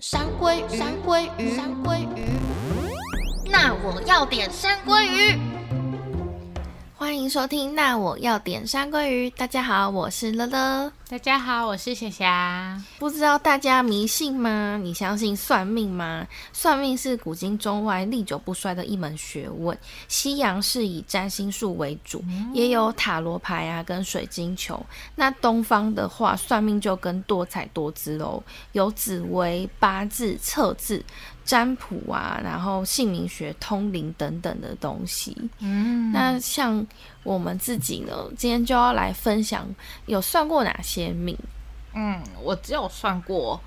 山鮭山鮭魚，山鮭魚，那我要點山鮭魚。歡迎收聽，那我要點山鮭魚。大家好，我是樂樂。大家好，我是霞霞。不知道大家迷信嗎？你相信算命嗎？算命是古今中外歷久不衰的一門學問。西洋是以占星術為主，也有塔羅牌啊跟水晶球。那東方的話，算命就更多彩多姿嘍，有紫微、八字、測字。占卜啊，然後姓名學、通靈等等的東西。嗯，那像我們自己呢，今天就要來分享有算過哪些命？嗯，我只有算過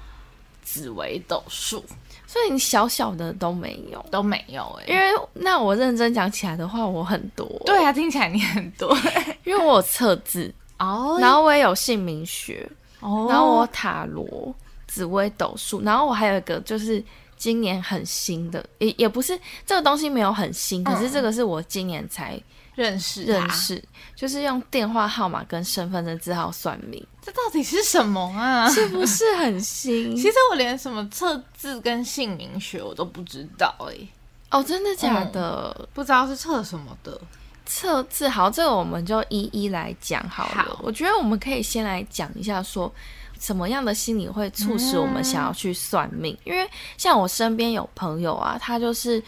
紫微斗數，所以你小小的都沒有都沒有哎、欸。因為那我認真講起來的話，我很多、哦。對啊，聽起來你很多， 因為我有測字哦，然後我也有姓名學哦，然後我塔羅、紫微斗數，然後我還有一個就是。今年很新的，也也不是這個東西沒有很新、嗯，可是這個是我今年才認識認識,、啊、認識，就是用電話號碼跟身分證字號算命，這到底是什麼啊？是不是很新？ 其實我連什麼測字跟姓名學我都不知道哎、欸。哦，真的假的？嗯、不知道是測什麼的？測字好，這個我們就一一來講好了好。我覺得我們可以先來講一下說。什麼樣的心理會促使我們想要去算命？嗯、因為像我身邊有朋友啊，她就是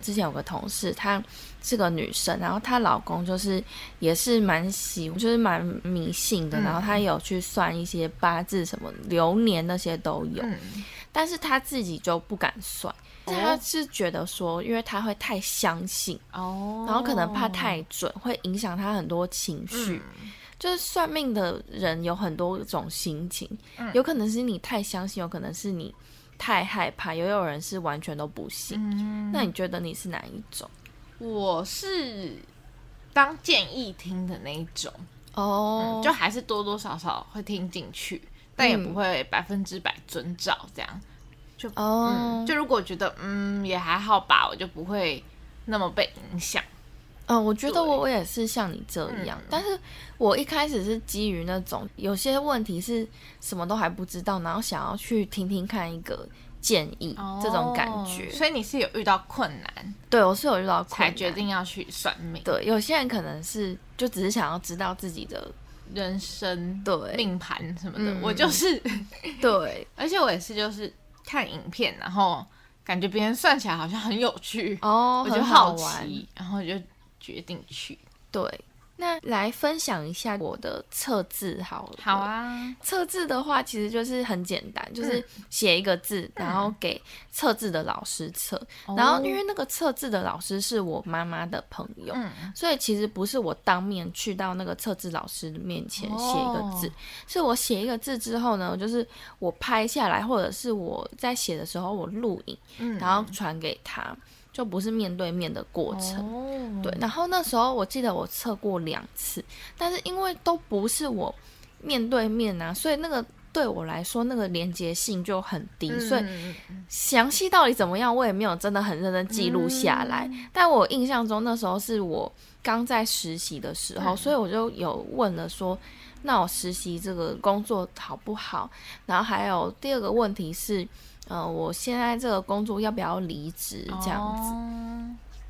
之前有個同事，她是個女生，然後她老公就是也是蠻喜，就是蠻迷信的，然後她有去算一些八字什麼流年那些都有，嗯、但是她自己就不敢算，她、嗯、是，是覺得說，因為她會太相信哦，然後可能怕太準會影響她很多情緒。嗯就是算命的人有很多種心情，嗯，有可能是你太相信，有可能是你太害怕，也有，有人是完全都不信，嗯。那你覺得你是哪一種？我是當建議聽的那一種哦，嗯，就還是多多少少會聽進去，嗯，但也不會百分之百遵照這樣。就，哦嗯，就如果覺得嗯也還好吧，我就不會那麼被影響。嗯，我覺得我我也是像你這樣、嗯，但是我一開始是基於那種有些問題是什麼都還不知道，然後想要去聽聽看一個建議、哦、這種感覺。所以你是有遇到困難？對，我是有遇到困難才決定要去算命。對，有些人可能是就只是想要知道自己的人生對命盤什麼的。嗯、我就是對，而且我也是就是看影片，然後感覺別人算起來好像很有趣哦，我就很好奇好玩，然後就。決定去對，那來分享一下我的測字好了。好啊，測字的話其實就是很簡單，嗯、就是寫一個字、嗯，然後給測字的老師測、哦。然後因為那個測字的老師是我媽媽的朋友、嗯，所以其實不是我當面去到那個測字老師面前寫一個字、哦，是我寫一個字之後呢，就是我拍下來，或者是我在寫的時候我錄影，嗯、然後傳給他。就不是面對面的過程，哦，對。然後那時候我記得我測過兩次，但是因為都不是我面對面啊，所以那個對我來說那個連接性就很低，嗯，所以詳細到底怎麼樣我也沒有真的很認真記錄下來。嗯，但我印象中那時候是我剛在實習的時候，嗯，所以我就有問了說，那我實習這個工作好不好？然後還有第二個問題是。嗯、呃，我現在這個工作要不要離職這樣子？Oh.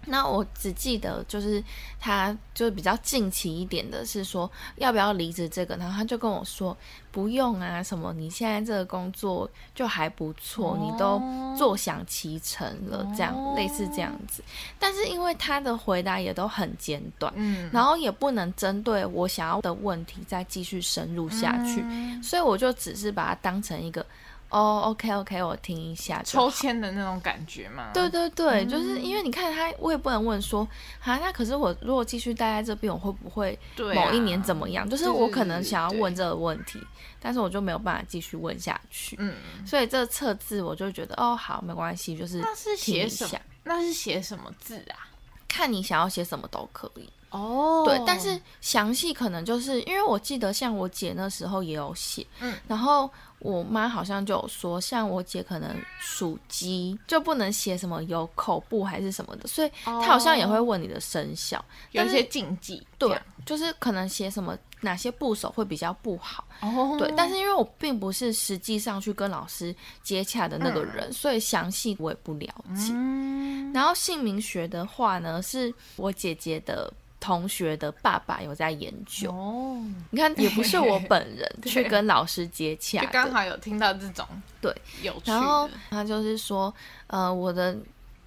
那我只記得就是他，就比較近期一點的是說要不要離職這個，然後他就跟我說不用啊，什麼你現在這個工作就還不錯，oh. 你都坐享其成了，這樣類似這樣子。但是因為他的回答也都很簡短，mm. 然後也不能針對我想要的問題再繼續深入下去，mm. 所以我就只是把它當成一個。哦、oh，OK，OK，okay, okay, 我聽一下抽籤的那種感覺嘛。對對對、嗯，就是因為你看他，我也不能問說、嗯，啊。那可是我如果繼續待在這邊，我會不會某一年怎麼樣、啊？就是我可能想要問這個問題，但是我就沒有辦法繼續問下去。嗯，所以這測字我就覺得，哦，好，沒關係，就是那是寫什麼？那是寫什麼字啊？看你想要寫什麼都可以哦。對，但是詳細可能就是因為我記得像我姐那時候也有寫，嗯，然後。我媽好像就有說，像我姐可能屬雞，就不能寫什麼有口部還是什麼的，所以她好像也會問你的生肖，哦、有一些禁忌。對，就是可能寫什麼哪些部首會比較不好、哦。對，但是因為我並不是實際上去跟老師接洽的那個人，嗯、所以詳細我也不了解、嗯。然後姓名學的話呢，是我姐姐的。同學的爸爸有在研究哦，你看也不是我本人去跟老師接洽，就剛好有聽到這種對，有趣。然後他就是說，呃，我的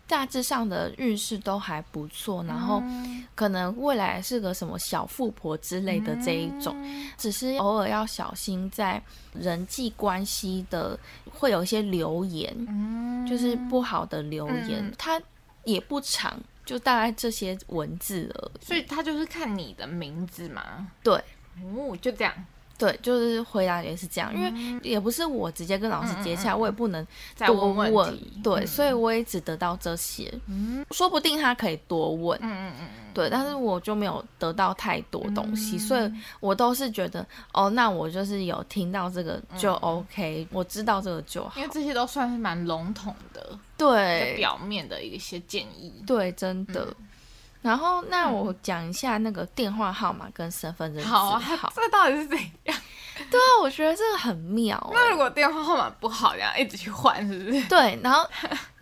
大致上的運勢都還不錯，嗯、然後可能未來是個什麼小富婆之類的這一種、嗯，只是偶爾要小心在人際關係的會有一些留言，嗯、就是不好的留言，他、嗯、也不常。就大概這些文字而已，所以他就是看你的名字嘛。對，哦、嗯，就這樣。對，就是回答也是這樣、嗯，因為也不是我直接跟老師接洽，我也不能多問。再問問。對、嗯，所以我也只得到這些，嗯、說不定他可以多問。嗯嗯嗯，對，嗯，但是我就沒有得到太多東西、嗯，所以我都是覺得，哦，那我就是有聽到這個就 OK、嗯、我知道這個就好，因為這些都算是蠻籠統的，對，表面的一些建議。對，真的。嗯。然後，那我講一下那個電話號碼跟身份證號，嗯，好啊，好，這到底是怎樣？對啊，我覺得這個很妙欸。那如果電話號碼不好，然後一,一直去換，是不是？對，然後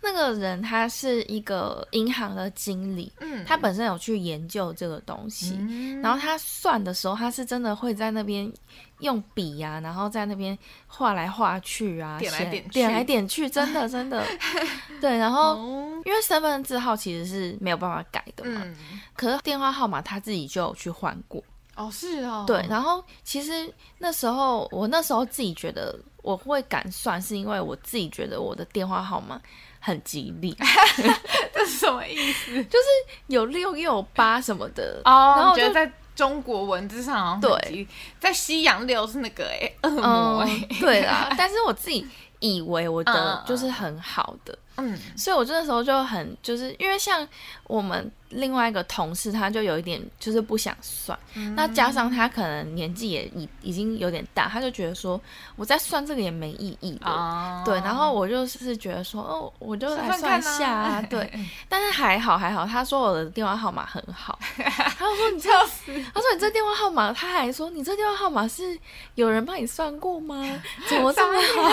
那個人他是一個銀行的經理， 嗯，他本身有去研究這個東西，嗯、然後他算的時候，他是真的會在那邊用筆呀，啊，然後在那邊畫來畫去啊，點來點去點來點去，真的真的， 對。然後因為身份證號其實是沒有辦法改的嘛，嗯、可是電話號碼他自己就有去換過。哦，是哦，對，然後其實那時候我那時候自己覺得我會敢算是因為我自己覺得我的電話號碼很吉利， 這是什麼意思？就是有六又有八什麼的哦，然後我覺得在中國文字上對，在西洋六是那個哎、惡魔欸，嗯、對啦、啊、 但是我自己以為我的就是很好的，嗯，所以我就那時候就很就是因為像我們。另外一個同事，他就有一點就是不想算，嗯、那加上他可能年紀也已已經有點大，他就覺得說，我在算這個也沒意義啊對，對、哦、對。然後我就是覺得說，哦，我就來算一下啊，啊對。但是還好還好，他說我的電話號碼很好， 他說你這， 他說你這電話號碼，他還說你這電話號碼是有人幫你算過嗎？怎麼這麼好？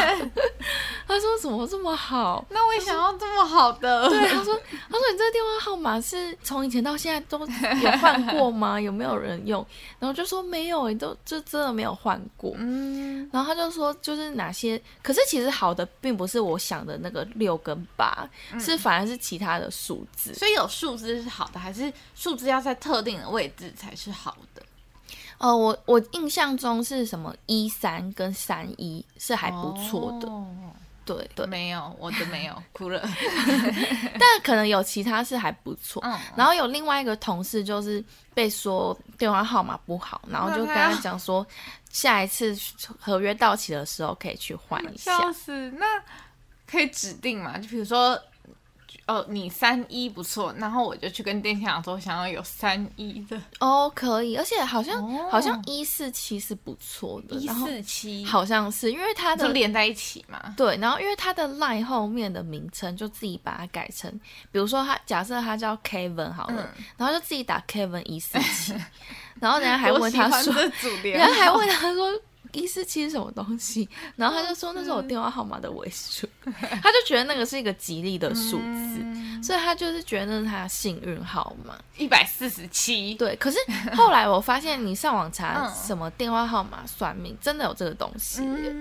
他說怎麼這麼好？那我也想要這麼好的。對，他說他說你這電話號碼是。從以前到現在都有換過嗎？ 有沒有人用？然後就說沒有，欸，都就真的沒有換過。嗯，然後他就說就是哪些，可是其實好的並不是我想的那個六跟八，嗯，是反而是其他的數字。所以有數字是好的，還是數字要在特定的位置才是好的？呃，我我印象中是什麼一三跟三一是還不錯的。哦對，對對，沒有，我都沒有 哭了， 但可能有其他事還不錯。嗯，然後有另外一個同事就是被說電話號碼不好，然後就跟他講說，下一次合約到期的時候可以去換一下。笑死，那可以指定嘛？就比如說。哦，你三一不錯，然後我就去跟店長說，想要有三一的哦，可以，而且好像、哦、好像一四七是不錯的，一四七好像是因為它的它連在一起嘛，對，然後因為他的 line 後面的名稱就自己把它改成，比如說它，假設他叫 Kevin 好了、嗯，然後就自己打 Kevin 一 四七，然後人家還問他說，人家還問他說。一四七是什麼東西？然後他就說，那是我電話號碼的尾數，他就覺得那個是一個吉利的數字、嗯，所以他就是覺得那是他幸運號碼一百四十七。對，可是後來我發現你上網查什麼電話號碼算命、嗯，真的有這個東西，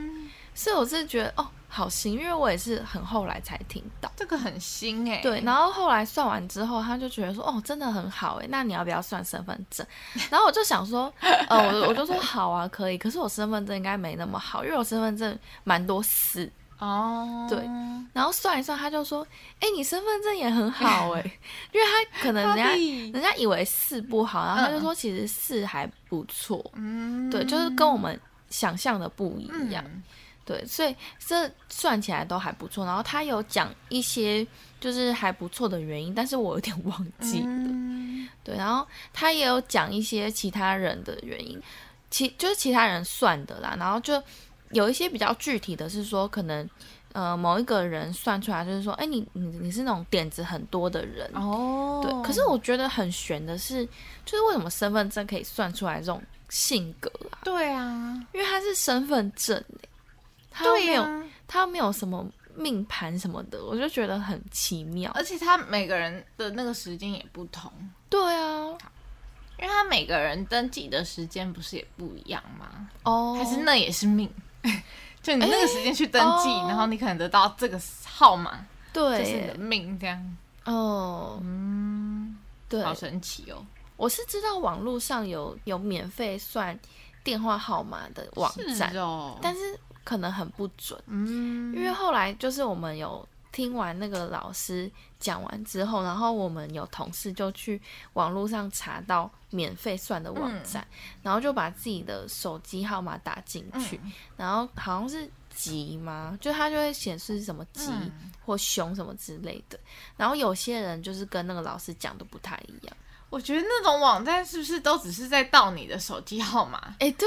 所以我是覺得哦。好新，因為我也是很後來才聽到，這個很新誒、欸，對，然後後來算完之後，他就覺得說，哦，真的很好誒。那你要不要算身份證？ 然後我就想說，呃，我我就說好啊，可以。可是我身份證應該沒那麼好，因為我身份證蠻多四哦。對，然後算一算，他就說，哎、欸，你身份證也很好誒。 因為他可能人家 人家以為四不好，然後他就說其實四還不錯。嗯，對，就是跟我們想象的不一樣。嗯對，所以這算起來都還不錯。然後他有講一些就是還不錯的原因，但是我有點忘記了。嗯、對，然後他也有講一些其他人的原因，其就是其他人算的啦。然後就有一些比較具體的是說，可能呃某一個人算出來就是說，哎你你你是那種點子很多的人哦。對，可是我覺得很玄的是，就是為什麼身份證可以算出來這種性格啦？對啊，因為他是身份證、欸他沒有，啊、他沒有什麼命盤什麼的，我就覺得很奇妙。而且他每個人的那個時間也不同，對啊，因為他每個人登記的時間不是也不一樣嗎？哦、oh,，還是那也是命， 就你那個時間去登記，欸 oh, 然後你可能得到這個號碼，對，這、就是你的命這樣。哦、oh,，嗯，對，好神奇哦！我是知道網絡上有有免費算電話號碼的網站哦，但是。可能很不準，因為後來就是我們有聽完那個老師講完之後，然後我們有同事就去網絡上查到免費算的網站，嗯、然後就把自己的手機號碼打進去，嗯、然後好像是吉嗎？就它就會顯示什麼吉或凶什麼之類的，然後有些人就是跟那個老師講的不太一樣。我覺得那種網站，是不是都只是在盜你的手機號碼？哎、欸，對，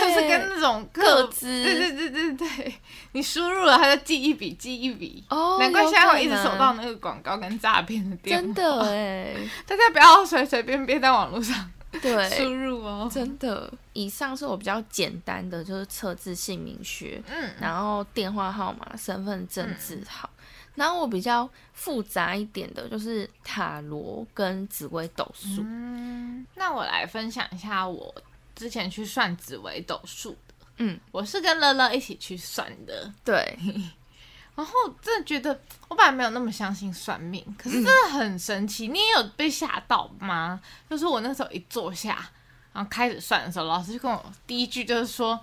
就是跟那種個資。對對對對對，你輸入了，他就記一筆，記一筆。哦，難怪現在我一直收到那個廣告跟詐騙的電話。啊、真的哎，大家不要隨隨便便在網絡上對，輸入哦。真的，以上是我比較簡單的，就是測字姓名學，嗯，然後電話號碼，身份證字號。嗯然後我比較複雜一點的就是塔羅跟紫微斗數。嗯，那我來分享一下我之前去算紫微斗數。嗯，我是跟樂樂一起去算的。對，然後真的覺得我本來沒有那麼相信算命，可是真的很神奇。嗯，你也有被嚇到嗎？就是我那時候一坐下，然後開始算的時候，老師就跟我第一句就是說：“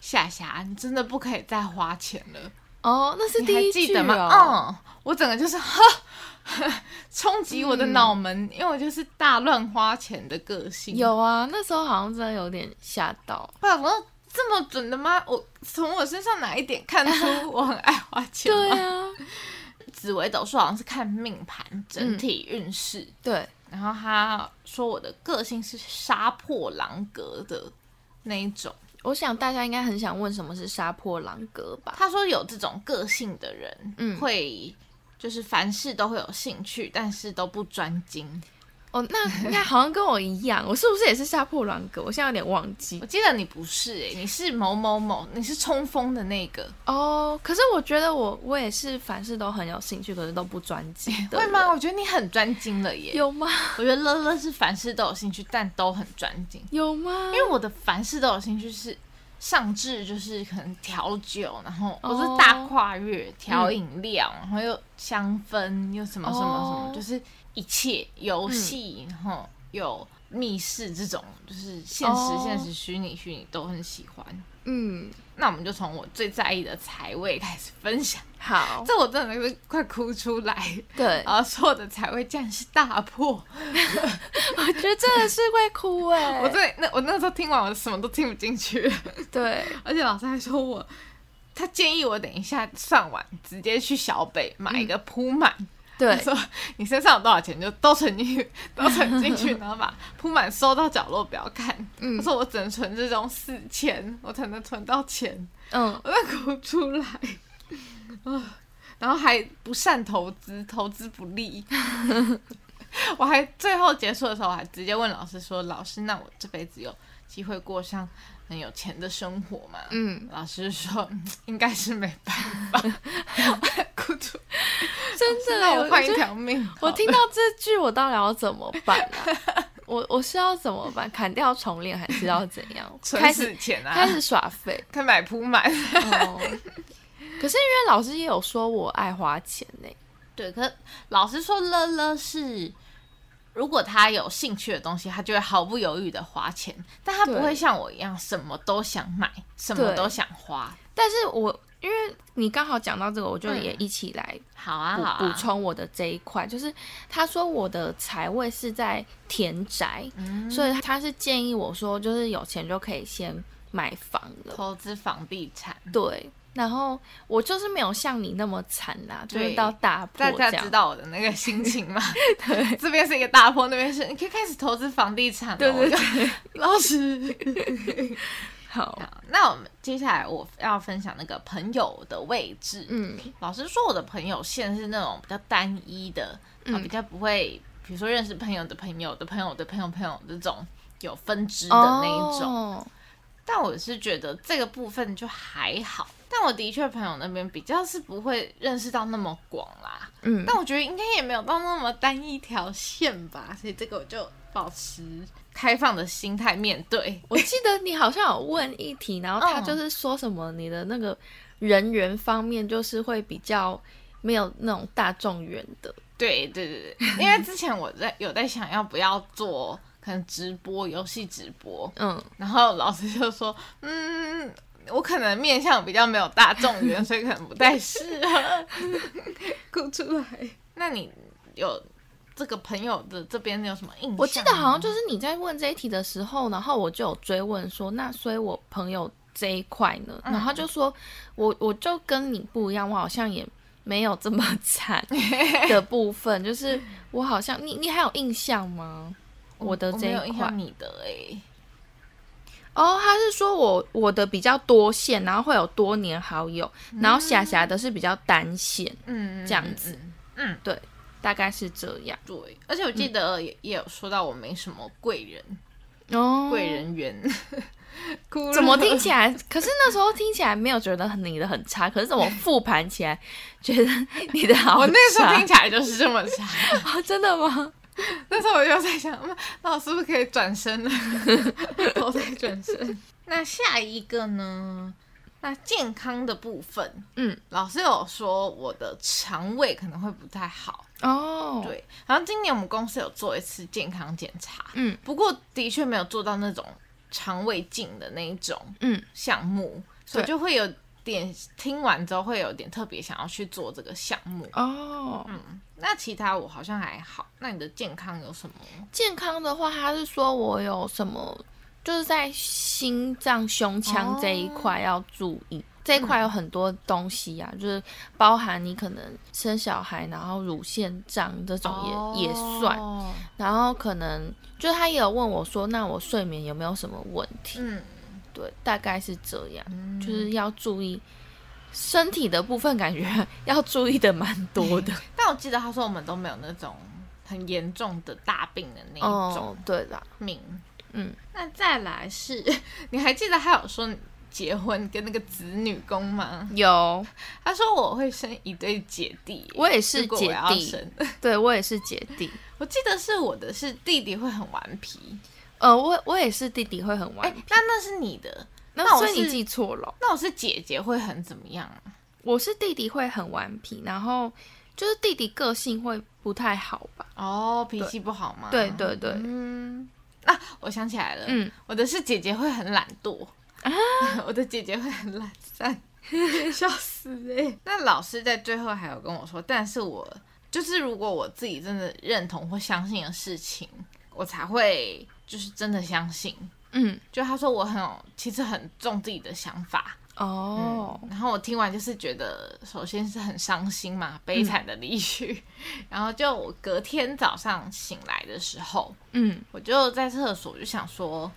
霞霞，你真的不可以再花錢了。”哦，那是第一季的嘛。嗯，我整個就是哈，衝擊我的腦門，嗯，因為我就是大亂花錢的個性。有啊，那時候好像真的有點嚇到。不然，我這麼準的嗎？我從我身上哪一點看出我很愛花錢？ 對啊，紫微斗數好像是看命盤整體運勢，嗯。對，然後他說我的個性是殺破狼格的那一種。我想大家應該很想問什麼是殺破狼格吧？他說有這種個性的人，嗯，會就是凡事都會有興趣，但是都不專精。哦、oh，那應該好像跟我一樣， 我是不是也是殺破狼格？我現在有點忘記。我記得你不是誒、欸，你是某某某，你是衝鋒的那個哦。Oh, 可是我覺得我我也是凡事都很有興趣，可是都不專精對不對，欸，會嗎？我覺得你很專精了耶。有嗎？我覺得樂樂是凡事都有興趣，但都很專精。有嗎？因為我的凡事都有興趣是上至就是可能調酒，然後我是大跨越，oh, 調飲料，嗯，然後又香氛又什麼什麼什麼，oh. 就是。一切遊戲，哈，然後有密室這種，嗯、就是現實、現、哦、實、虛擬、虛擬，都很喜歡。嗯，那我們就從我最在意的財位開始分享。好，這我真的是快哭出來！對，而所有的財位竟然大破， 我覺得真的是會哭哎、欸。 我在那，我那時候聽完，我什麼都聽不進去了，對， 而且老師還說我，他建議我等一下算完，直接去小北買一個鋪滿。嗯對，他說：“你身上有多少錢，就都存進去，都存進去，然後把鋪滿，收到角落不要看。 嗯”他說：“我只能存這種死錢，我才能存到錢。”嗯，我哭出來，啊，然後還不善投資，投資不利。 我還最後結束的時候，還直接問老師說：“老師，那我這輩子有機會過上？”很有錢的生活嘛？嗯，老師說，應該是沒辦法，太孤獨，真的。那我換一條命。我聽到這句，我到底要怎麼辦、啊、 我我是要怎麼辦？砍掉重練還知道是要怎樣？開始錢啊？開始耍廢？開始開買鋪買？ 可是因為老師也有說我愛花錢呢、欸。對，可老師說樂樂是。如果他有興趣的東西，他就會毫不猶豫的花錢，但他不會像我一樣，什麼都想買，什麼都想花。但是我因為你剛好講到這個，我就也一起來好啊，好啊，好補充我的這一塊，就是他說我的財位是在田宅，嗯，所以他是建議我說，就是有錢就可以先買房了，投資房地產，對。然後我就是沒有像你那麼慘啦，對，就是到大破，大家知道我的那個心情嗎？ 對，這邊是一個大破，那邊是你可以開始投資房地產了，哦。對對對，對 老實，老 師好，好。那我們接下來我要分享那個朋友的位置。嗯，老實說，我的朋友線是那種比較單一的，比、嗯、較不會，比如說認識朋友的朋友的朋友的朋友朋友這種有分支的那一種。哦，但我是覺得這個部分就還好。但我的確朋友那邊比較是不會認識到那麼廣啦，嗯，但我覺得應該也沒有到那麼單一條線吧，所以這個我就保持開放的心態面對。我記得你好像有問一題，然後他就是說什麼，你的那個人緣方面就是會比較沒有那種大眾緣的，對對對對，因為之前我在有在想要不要做可能直播遊戲直播，嗯，然後老師就說，嗯。我可能面相比較沒有大眾緣，所以可能不太適合。 哭出來。那你有這個朋友的這邊有什麼印象？我記得好像就是你在問這一題的時候，然後我就有追問說，那所以我朋友這一塊呢，然後他就說，嗯、我我就跟你不一樣，我好像也沒有這麼慘的部分， 就是我好像你你還有印象嗎？我的這一塊。我我沒有印象你的哎、欸。哦、oh,，他是說我我的比較多線，然後會有多年好友，嗯、然後霞霞的是比較單線，嗯，這樣子，嗯，對，嗯，大概是這樣。對，而且我記得也，嗯、也有說到我沒什麼貴人，哦、嗯，貴人緣， 怎麼聽起來？可是那時候聽起來沒有覺得你的很差，可是怎麼復盤起來覺得你的好差 我那時候聽起來就是這麼差， oh, 真的嗎？.但 是我就在想，那我是不是可以轉身了？我 轉轉身。 那下一個呢？那健康的部分，嗯，老師有說我的腸胃可能會不太好哦。對，然後今年我們公司有做一次健康檢查，嗯，不過的確沒有做到那種腸胃鏡的那一種，嗯，項目，所以就會有點聽完之後會有點特別想要去做這個項目哦。Oh. 嗯，那其他我好像還好。那你的健康有什麼？健康的話，他是說我有什麼，就是在心臟、胸腔這一塊要注意。Oh. 這一塊有很多東西啊，嗯，就是包含你可能生小孩，然後乳腺脹這種也，oh. 也算。然後可能就是他也有問我說，那我睡眠有沒有什麼問題？嗯。對，大概是這樣，嗯、就是要注意身體的部分，感覺要注意的蠻多的。但我記得他說我們都沒有那種很嚴重的大病的那一種、哦，對啦命。嗯，那再來是、嗯，你還記得他有說結婚跟那個子女宮嗎？有，他說我會生一對姐弟，我也是姐弟，我生對我也是姐弟。我記得是我的是弟弟會很頑皮。呃，我我也是弟弟會很頑皮、欸。那那是你的，那我是那所以你記錯了。那我是姐姐會很怎麼樣、啊？我是弟弟會很頑皮，然後就是弟弟個性會不太好吧？哦，脾氣不好嗎對？對對對，嗯。啊，我想起來了，嗯，我的是姐姐會很懶惰，啊、 我的姐姐會很懶散，笑，笑死誒、欸。那老師在最後還有跟我說，但是我就是如果我自己真的認同或相信的事情。我才會就是真的相信，嗯，就他說我很有，其實很重自己的想法哦、嗯。然後我聽完就是覺得，首先是很傷心嘛，悲慘的離去、嗯。然後就隔天早上醒來的時候，嗯，我就在廁所，就想說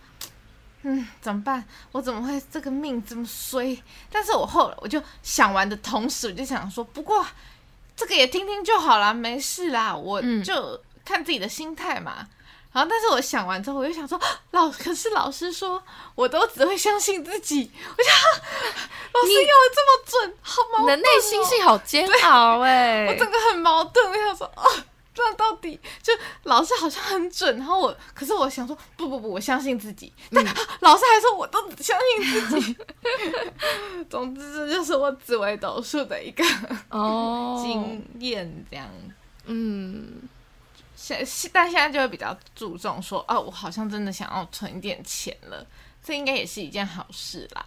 嗯，嗯，怎麼辦？我怎麼會這個命這麼衰？但是我後來我就想完的同時，我就想說，不過這個也聽聽就好啦，沒事啦，我就看自己的心態嘛。嗯然後，但是我想完之後，我就想說，啊、老可是老師說，我都只會相信自己。我想，啊、老師要的這麼準，好嗎、哦？我的內心戲好煎熬哎，我整個很矛盾。我想說，哦、啊，那到底就老師好像很準。然後我，可是我想說，不不不，我相信自己。但、嗯啊、老師還說，我都相信自己。 總之，這就是我紫微斗數的一個哦經驗，這樣嗯。現但現在就會比較注重說，哦，我好像真的想要存一點錢了，這應該也是一件好事啦。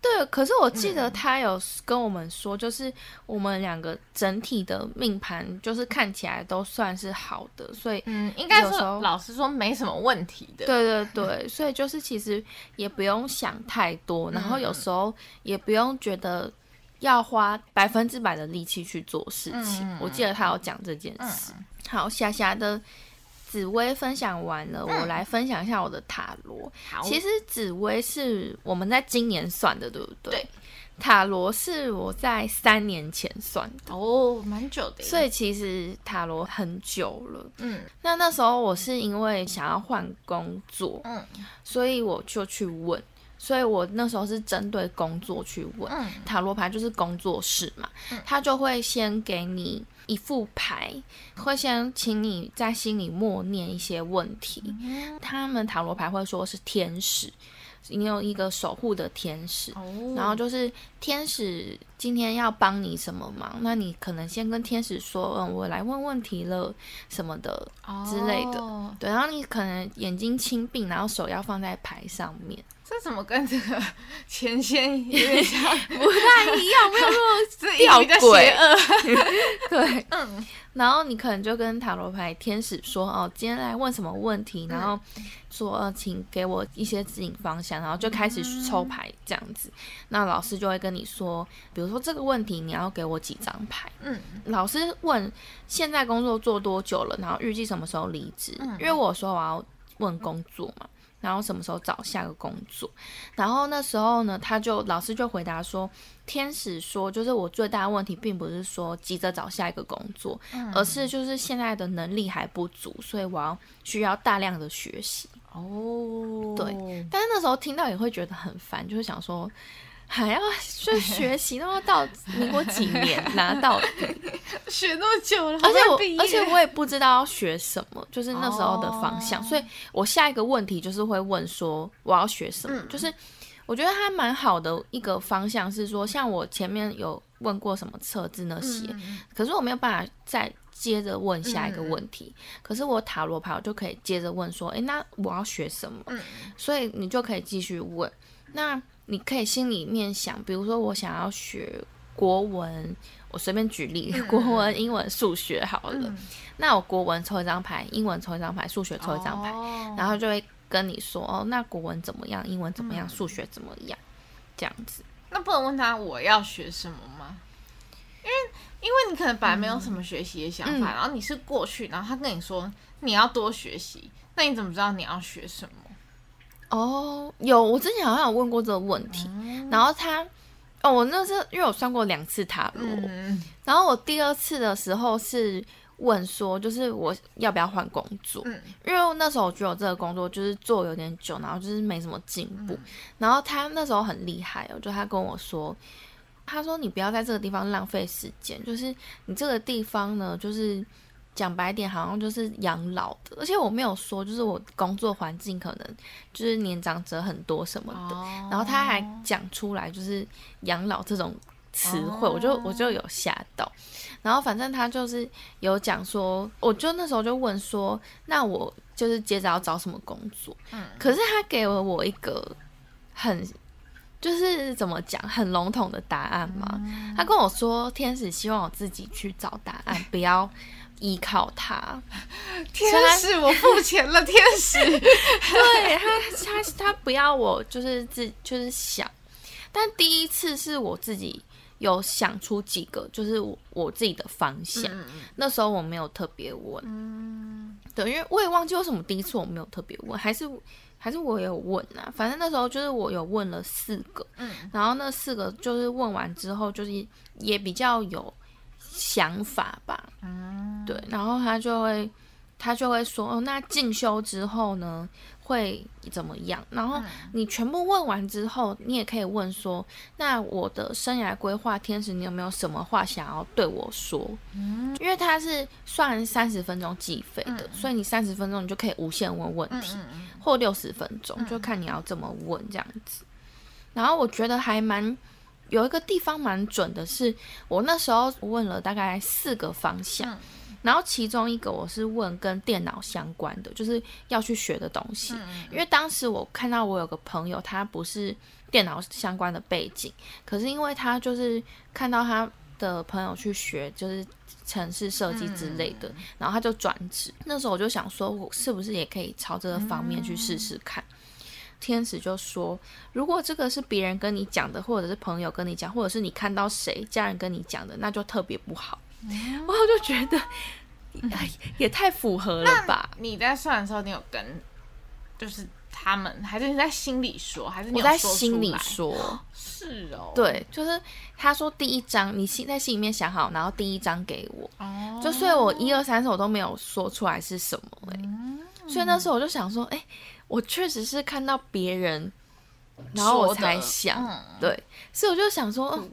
對，可是我記得他有跟我們說，嗯、就是我們兩個整體的命盤，就是看起來都算是好的，所以嗯，應該是老實說沒什麼問題的。對對對， 所以就是其實也不用想太多，然後有時候也不用覺得。要花百分之百的力氣去做事情，嗯嗯。我記得他有講這件事。嗯、好，霞霞的紫微分享完了，嗯，我來分享一下我的塔羅。其實紫微是我們在今年算的，對不對？對。塔羅是我在三年前算的哦，蠻久的。所以其實塔羅很久了。嗯，那那時候我是因為想要換工作，嗯，所以我就去問。所以我那時候是針對工作去問塔羅牌，就是工作室嘛，他就會先給你一副牌，會先請你在心裡默念一些問題。他們塔羅牌會說是天使，你有一個守護的天使，哦、然後就是天使今天要幫你什麼忙？那你可能先跟天使說：“嗯，我來問問題了什麼的之類的。哦”對，然後你可能眼睛輕閉，然後手要放在牌上面。這怎麼跟這個錢仙有點像？ 不太一樣， 沒有那麼這 比較邪惡。 對，嗯，然後你可能就跟塔羅牌天使說：“哦，今天來問什麼問題？”然後說：“哦、呃，請給我一些指引方向。”然後就開始抽牌、嗯、這樣子。那老師就會跟你說：“比如說這個問題，你要給我幾張牌。”嗯，老師問：“現在工作做多久了？然後預計什麼時候離職？”嗯、因為我說我要問工作嘛。然後什麼時候找下個工作？然後那時候呢，他就老師就回答說，天使說就是我最大的問題，並不是說急着找下一個工作，而是就是現在的能力還不足，所以我要需要大量的學習。哦，對。但是那時候聽到也會覺得很煩，就是想說。還要去學習，那麼到民國幾年拿到的 學那麼久了，而且我而且我也不知道要學什麼，就是那時候的方向。哦、所以，我下一個問題就是會問說，我要學什麼？嗯、就是我覺得還蠻好的一個方向是說，像我前面有問過什麼測字那些、嗯，可是我沒有辦法再接着問下一個問題。嗯、可是我塔羅牌我就可以接着問說，誒、欸，那我要學什麼？嗯、所以你就可以繼續問那。你可以心裡面想，比如說我想要學國文，我隨便舉例，國文、嗯、英文、數學好了、嗯。那我國文抽一張牌，英文抽一張牌，數學抽一張牌，哦、然後就會跟你說，哦，那國文怎麼樣？英文怎麼樣、嗯？數學怎麼樣？這樣子。那不能問他我要學什麼嗎？因為因為你可能本來沒有什麼學習的想法、嗯嗯，然後你是過去，然後他跟你說你要多學習，那你怎麼知道你要學什麼？哦，有，我之前好像有問過這個問題，然後他，哦，我那次因為我算過兩次塔羅、嗯，然後我第二次的時候是問說，就是我要不要換工作，嗯、因為那時候我覺得我這個工作就是做有點久，然後就是沒什麼進步，嗯、然後他那時候很厲害，哦，就他跟我說，他說你不要在這個地方浪費時間，就是你這個地方呢，就是。講白點，好像就是養老的，而且我沒有說，就是我工作環境可能就是年長者很多什麼的，哦、然後他還講出來就是養老這種詞彙，哦、我就我就有嚇到。然後反正他就是有講說，我就那時候就問說，那我就是接着要找什麼工作？嗯，可是他給了我一個很就是怎麼講很籠統的答案嘛、嗯。他跟我說，天使希望我自己去找答案，不要。 依靠他，天使，我付錢了。 天使， 對他，他他，他不要我，就是自就是想，但第一次是我自己有想出幾個，就是我我自己的方向，嗯。那時候我沒有特別問，嗯，對，因為我也忘記為什麼第一次我沒有特別問，還是還是我有問吶、啊？反正那時候就是我有問了四個，嗯，然後那四個就是問完之後，就是也比較有。想法吧，嗯，對，然後他就會，他就會說，哦，那進修之後呢？會怎麼樣？然後你全部問完之後，你也可以問說，那我的生涯規劃天使，你有沒有什麼話想要對我說？因為他是算三十分鐘計費的，所以你三十分鐘你就可以無限問問題，或六十分鐘就看你要怎麼問這樣子。然後我覺得還蠻。有一個地方蠻準的是，我那時候問了大概四個方向，然後其中一個我是問跟電腦相關的，就是要去學的東西。因為當時我看到我有個朋友，他不是電腦相關的背景，可是因為他就是看到他的朋友去學就是程式設計之類的，然後他就轉職。那時候我就想說，我是不是也可以朝這個方面去試試看？天使就說：“如果這個是別人跟你講的，或者是朋友跟你講，或者是你看到誰家人跟你講的，那就特別不好。嗯”然後就覺得、嗯、也，也太符合了吧？你在算的時候，你有跟就是他們，還是你在心裡說？還是我在心裡說？是哦，對，就是他說第一張，你心在心裡面想好，然後第一張給我。哦，就所以，我一二三四，我都沒有說出來是什麼嘞、嗯。所以那時候我就想說，哎、欸。我確實是看到別人，然後我才想、嗯，對，所以我就想說，哦、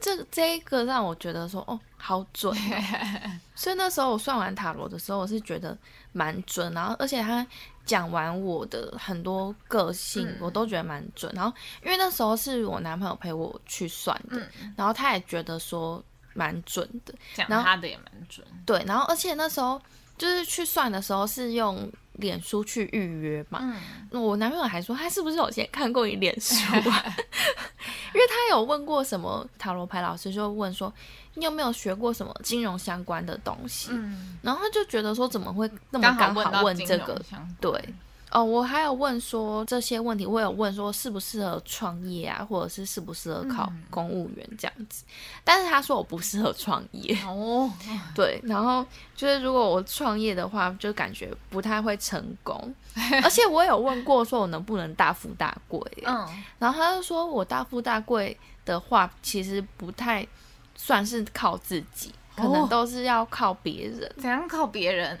這這一個讓我覺得說，哦，好準、哦。 所以那時候我算完塔羅的時候，我是覺得蠻準，然後而且他講完我的很多個性，嗯、我都覺得蠻準。然後因為那時候是我男朋友陪我去算的，嗯、然後他也覺得說蠻準的，講他的然後也蠻準。對，然後而且那時候就是去算的時候是用。臉書去預約嘛、嗯？那我男朋友還說他是不是有先看過你臉書啊？ 因為他有問過什麼塔羅牌老師，就問說你有沒有學過什麼金融相關的東西、嗯？然後他就覺得說怎麼會那麼剛好問這個？對。哦，我還有問說這些問題，我有問說適不適合創業啊，或者是適不適合考公務員這樣子，嗯、但是他說我不適合創業哦，對，然後就是如果我創業的話，就感覺不太會成功， 而且我有問過說我能不能大富大貴，嗯，然後他就說我大富大貴的話，其實不太算是靠自己，哦、可能都是要靠別人，怎樣靠別人？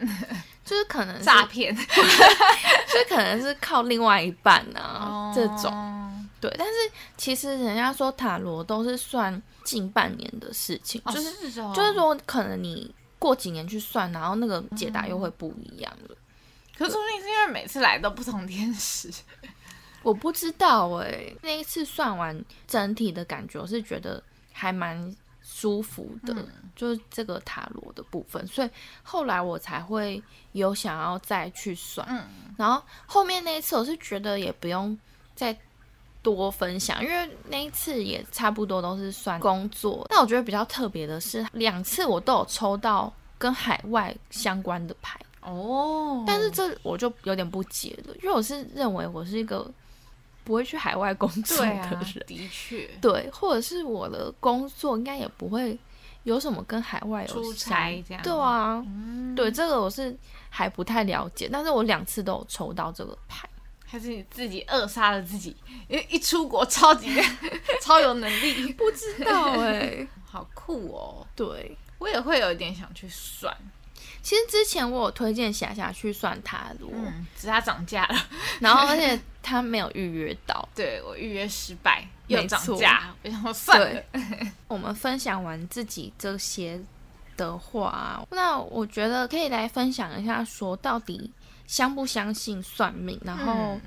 就是可能是詐騙，所 以可能是靠另外一半啊、oh. 這種，對。但是其實人家說塔羅都是算近半年的事情，oh, 就是，是、哦、就是說可能你過幾年去算，然後那個解答又會不一樣了。嗯、可是說不定是因為每次來都不同天使，我不知道哎。那一次算完整體的感覺，我是覺得還蠻。舒服的，就是這個塔羅的部分，所以後來我才會有想要再去算，嗯。然後後面那一次我是覺得也不用再多分享，因為那一次也差不多都是算工作。但我覺得比較特別的是，兩次我都有抽到跟海外相關的牌哦，但是這我就有點不解了，因為我是認為我是一個。不會去海外工作的人。啊，的確，對，或者是我的工作應該也不會有什麼跟海外有出差這樣，對啊，嗯、對這個我是還不太了解，但是我兩次都有抽到這個牌。還是你自己扼殺了自己，因為一出國超級 超有能力，你不知道哎、欸， 好酷哦，對我也會有一點想去算。其實之前我有推薦霞霞去算塔羅，只是他漲價了，然後而且他沒有預約到， 對我預約失敗，又漲價，我想算了。 我們分享完自己這些的話，那我覺得可以來分享一下，說到底相不相信算命，然後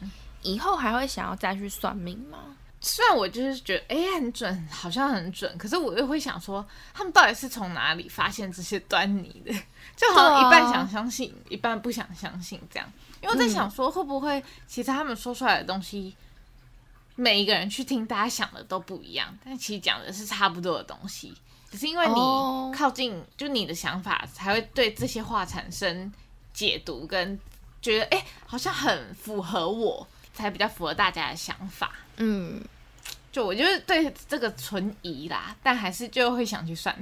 以後還會想要再去算命嗎？雖然我就是覺得，哎、欸，很準，好像很準，可是我又會想說，他們到底是從哪裡發現這些端倪的？就好像一半想相信、對啊，一半不想相信這樣。因為我在想說，會不會其實他們說出來的東西，嗯、每一個人去聽，大家想的都不一樣，但其實講的是差不多的東西。只是因為你靠近，就你的想法才會對這些話產生解讀，跟覺得，哎、欸，好像很符合我，才比較符合大家的想法。嗯，就我就是對這個存疑啦，但還是就會想去算，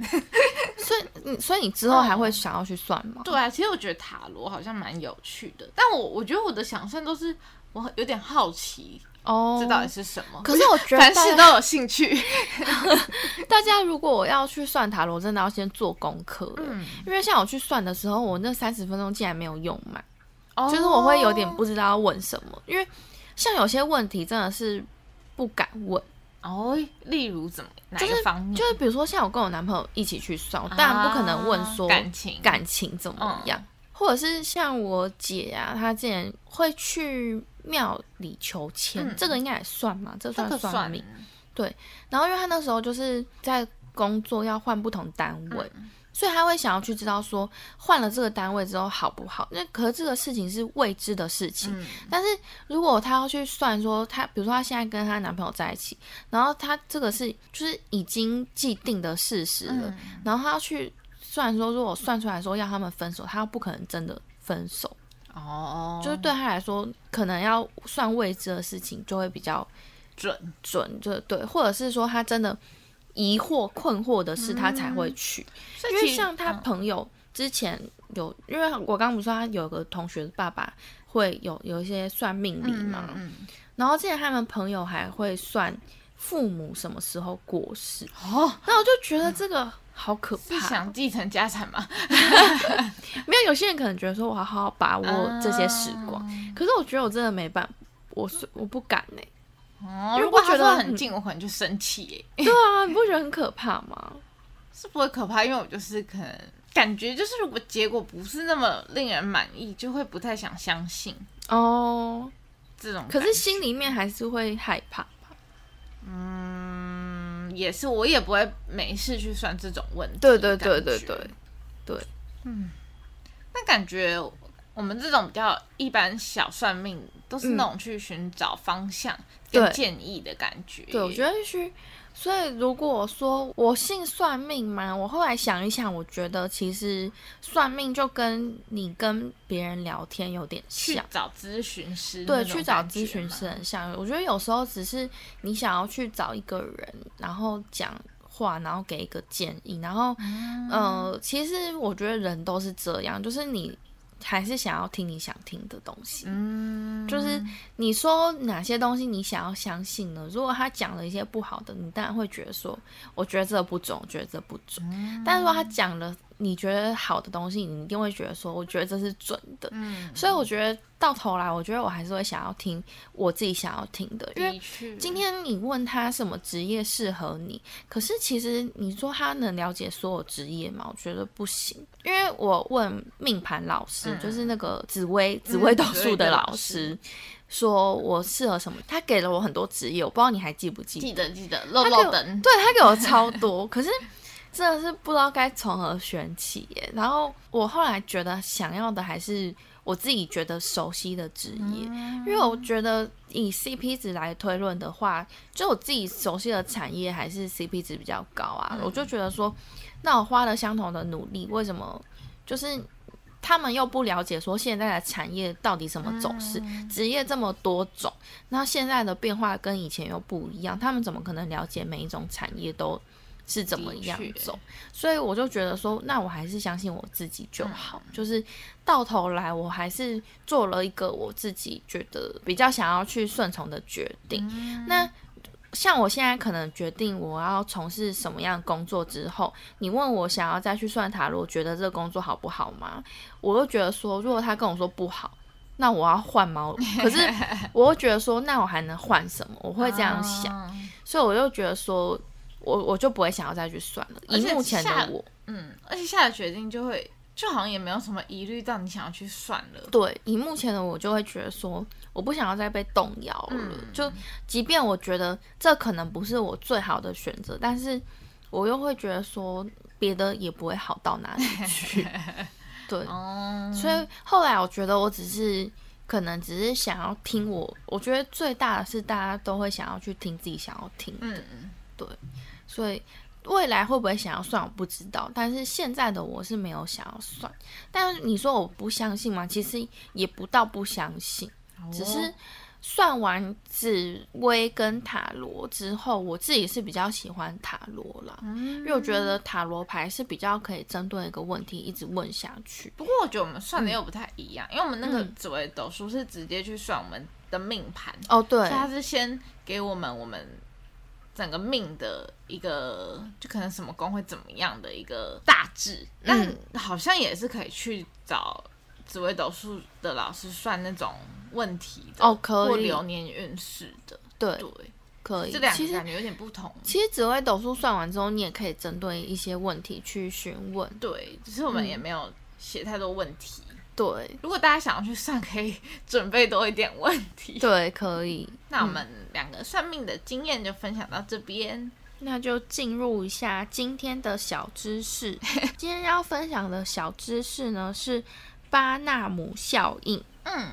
所以你、嗯、所以你之後還會想要去算嗎、哦？對啊，其實我覺得塔羅好像蠻有趣的，但我我覺得我的想算都是我有點好奇哦，這到底是什麼？可是我覺得凡事都有興趣。 大家如果我要去算塔羅，真的要先做功課了、嗯，因為像我去算的時候，我那三十分鐘竟然沒有用滿、哦，就是我會有點不知道要問什麼，因為像有些問題真的是。不敢問哦，例如怎麼就是哪個方面？就是比如說像我跟我男朋友一起去算，我當然不可能問說感情感情怎麼樣，啊嗯，或者是像我姐啊，她之前會去廟裡求籤，嗯、這個應該也算嘛，這個、算算命、這個。對，然後因為她那時候就是在工作要換不同單位。嗯所以他會想要去知道說換了這個單位之後好不好？那可是這個事情是未知的事情。但是如果他要去算說，他比如說他現在跟他男朋友在一起，然後他這個是就是已經既定的事實了。然後他要去算說，如果算出來說要他們分手，他又不可能真的分手。哦，就是對他來說，可能要算未知的事情就會比較準準，就對，或者是說他真的。疑惑困惑的事，他才會去、嗯。因為像他朋友之前有，嗯、因為我剛不是說他有個同學的爸爸會有有一些算命理嘛、嗯嗯，然後之前他們朋友還會算父母什麼時候過世。哦，那我就覺得這個好可怕。嗯、是想繼承家產嗎？ 沒有，有些人可能覺得說，我好好把握這些時光、嗯。可是我覺得我真的沒辦法，我我不敢呢、欸。哦，如果覺得很，如果他說很近，我可能就生氣。哎，對啊，你不覺得很可怕嗎？ 是不會可怕，因為我就是可能感覺，就是如果結果不是那麼令人滿意，就會不太想相信哦。這種、oh, 這種，可是心裡面還是會害怕吧？嗯，也是，我也不會沒事去算這種問題。對對對對對對。嗯，那感覺。我們這種比較一般小算命，都是那種去尋找方向，跟建議的感覺，嗯對。對，我覺得去，所以如果說我信算命嘛，我後來想一想，我覺得其實算命就跟你跟別人聊天有點像，找諮詢師，對，去找諮詢師很像。我覺得有時候只是你想要去找一個人，然後講話，然後給一個建議，然後，呃，其實我覺得人都是這樣，就是你，還是想要聽你想聽的東西，嗯，就是你說哪些東西你想要相信呢？如果他講了一些不好的，你當然會覺得說，我覺得這個不準，我覺得這不準，嗯。但是如果他講了，你覺得好的東西，你一定會覺得說，我覺得這是準的。嗯，所以我覺得到頭來，我覺得我還是會想要聽我自己想要聽的。因為今天你問他什麼職業適合你、嗯，可是其實你說他能了解所有職業嗎？我覺得不行。因為我問命盤老師、嗯，就是那個紫微紫微斗數的老師，嗯、說我適合什麼？他給了我很多職業，我不知道你還記不記得？記得記得，漏漏燈，對，他給我超多， 可是。真的是不知道該從何選起耶，然後我後來覺得，想要的還是我自己覺得熟悉的職業，因為我覺得以 CP 值來推論的話，就我自己熟悉的產業還是 CP 值比較高啊。我就覺得說，那我花了相同的努力，為什麼就是他們又不了解說現在的產業到底什麼走勢？職業這麼多種，那現在的變化跟以前又不一樣，他們怎麼可能了解每一種產業都？是怎麼樣走的，所以我就覺得說，那我還是相信我自己就好。嗯、就是到頭來，我還是做了一個我自己覺得比較想要去順從的決定。嗯、那像我現在可能決定我要從事什麼樣的工作之後，你問我想要再去算塔羅，覺得這個工作好不好嗎？我就覺得說，如果他跟我說不好，那我要換嗎？ 可是，我又覺得說，那我還能換什麼？我會這樣想，啊，所以我就覺得說。我我就不會想要再去算了。以目前的我，嗯，而且下了決定就會就好像也沒有什麼疑慮到你想要去算了。對，以目前的我就會覺得說我不想要再被動搖了，嗯。就即便我覺得這可能不是我最好的選擇，但是我又會覺得說別的也不會好到哪裡去。 對、嗯，所以後來我覺得我只是可能只是想要聽我，我覺得最大的是大家都會想要去聽自己想要聽的，嗯、對。對，未來會不會想要算我不知道，但是現在的我是沒有想要算。但是你說我不相信嗎？其實也不到不相信，哦、只是算完紫微跟塔羅之後，我自己是比較喜歡塔羅啦、嗯，因為我覺得塔羅牌是比較可以針對一個問題一直問下去。不過我覺得我們算的又不太一樣，嗯、因為我們那個紫微斗數是直接去算我們的命盤哦，對、嗯，他是先給我們我們。整個命的一個，就可能什麼宮會怎麼樣的一個大致，那、嗯、好像也是可以去找紫微斗數的老師算那種問題的哦？可以，或流年運勢的對，對，可以。這兩個感覺有點不同。其實紫微斗數算完之後，你也可以針對一些問題去詢問。對、嗯，只是我們也沒有寫太多問題。對，如果大家想要去算，可以準備多一點問題。對，可以。那我們兩個算命的經驗就分享到這邊，嗯、那就進入一下今天的小知識。 今天要分享的小知識呢是巴納姆效應。嗯，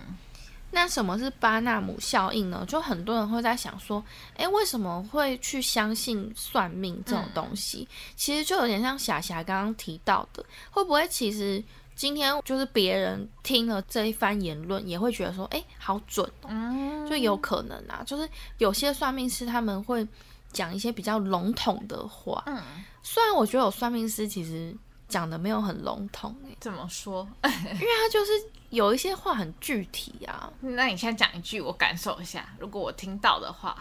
那什麼是巴納姆效應呢？就很多人會在想說，誒，為什麼會去相信算命這種東西？嗯、其實就有點像霞霞剛剛提到的，會不會其實？今天就是別人聽了這一番言論，也會覺得說，哎、欸，好準哦，喔，嗯，就有可能啊。就是有些算命師他們會講一些比較籠統的話，嗯，雖然我覺得我算命師其實講的沒有很籠統，怎麼說？ 因為他就是有一些話很具體啊。那你先講一句，我感受一下，如果我聽到的話，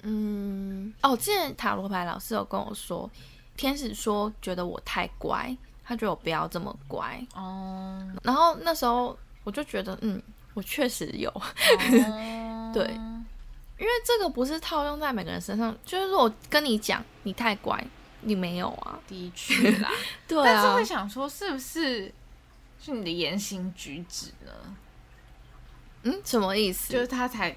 嗯，哦，之前塔羅牌老師有跟我說，天使說覺得我太乖。他覺得我不要這麼乖哦，oh. 然後那時候我就覺得，嗯，我確實有、oh. 對，因為這個不是套用在每個人身上，就是說我跟你講，你太乖，你沒有啊，的確啦， 對啊，但是會想說，是不是是你的言行舉止呢？嗯，什麼意思？就是他才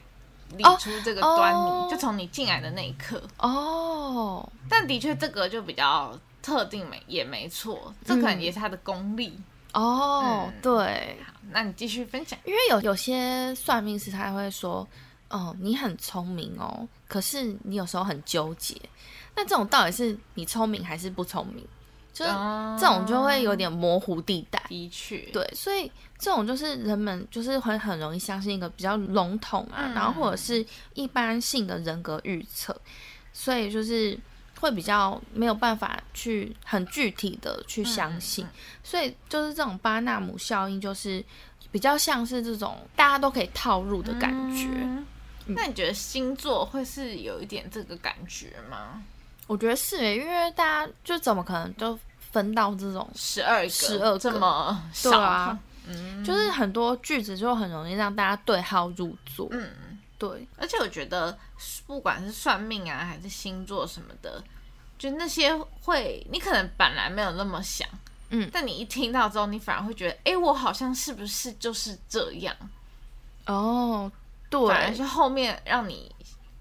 理出這個端倪，oh. Oh. 就從你進來的那一刻哦，oh. 但的確這個就比較。特定沒也沒錯、嗯，這可能也是他的功力哦。嗯、對，好，那你繼續分享，因為有有些算命師他會說，哦，你很聰明哦，可是你有時候很糾結，那這種到底是你聰明還是不聰明？就是這種就會有點模糊地帶。的、嗯、確，對，所以這種就是人們就是會很容易相信一個比較籠統啊、嗯，然後或者是一般性的人格預測，所以就是。會比較沒有辦法去很具體的去相信，嗯嗯、所以就是這種巴納姆效應，就是比較像是這種大家都可以套入的感覺、嗯嗯。那你覺得星座會是有一點這個感覺嗎？我覺得是耶，因為大家就怎麼可能就分到這種十二個十二這麼少啊？嗯，就是很多句子就很容易讓大家對號入座。嗯。對，而且我覺得，不管是算命啊，還是星座什麼的，就那些會，你可能本來沒有那麼想，嗯，但你一聽到之後，你反而會覺得，哎，我好像是不是就是這樣？哦，對，反而是後面讓你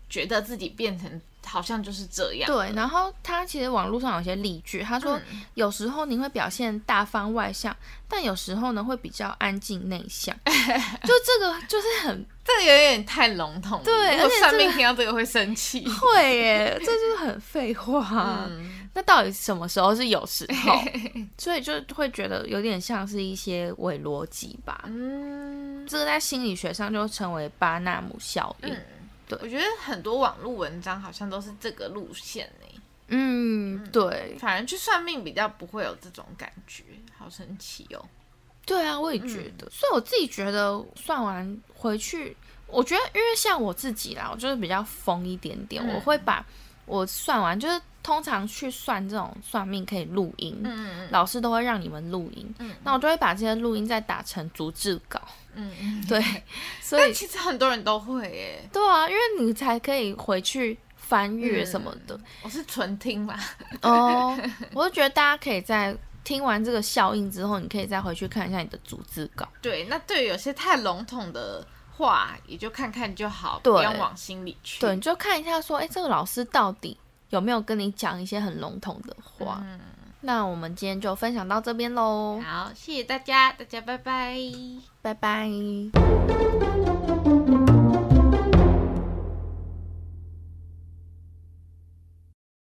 覺得自己變成。好像就是這樣。對，然後他其實網絡上有些例句，他說有時候你會表現大方外向，嗯、但有時候呢會比較安靜內向。就這個就是很，這個有點太籠統了。對，而且、這個、如果算命聽到這個會生氣。會耶，這就是很廢話、啊嗯。那到底什麼時候是有時候、嗯？所以就會覺得有點像是一些偽邏輯吧。嗯，這個在心理學上就稱為巴納姆效應。嗯我覺得很多網絡文章好像都是這個路線呢。嗯，對。反正去算命比較不會有這種感覺，好神奇哦。對啊，我也覺得、嗯。所以我自己覺得算完回去，我覺得因為像我自己啦，我就是比較瘋一點點，嗯、我會把。我算完就是通常去算這種算命可以錄音、嗯，老師都會讓你們錄音、嗯，那我就會把這些錄音再打成逐字稿。嗯嗯，對。所以其實很多人都會耶。對啊，因為你才可以回去翻閱什麼的。嗯、我是純聽嘛。哦、 oh,，我就覺得大家可以在聽完這個效應之後，你可以再回去看一下你的逐字稿。對，那對於有些太籠統的。話也就看看就好，不用往心裡去。對，你就看一下，說，哎、欸，這個老師到底有沒有跟你講一些很籠統的話？嗯，那我們今天就分享到這邊嘍。好，謝謝大家，大家拜拜，拜拜。拜拜。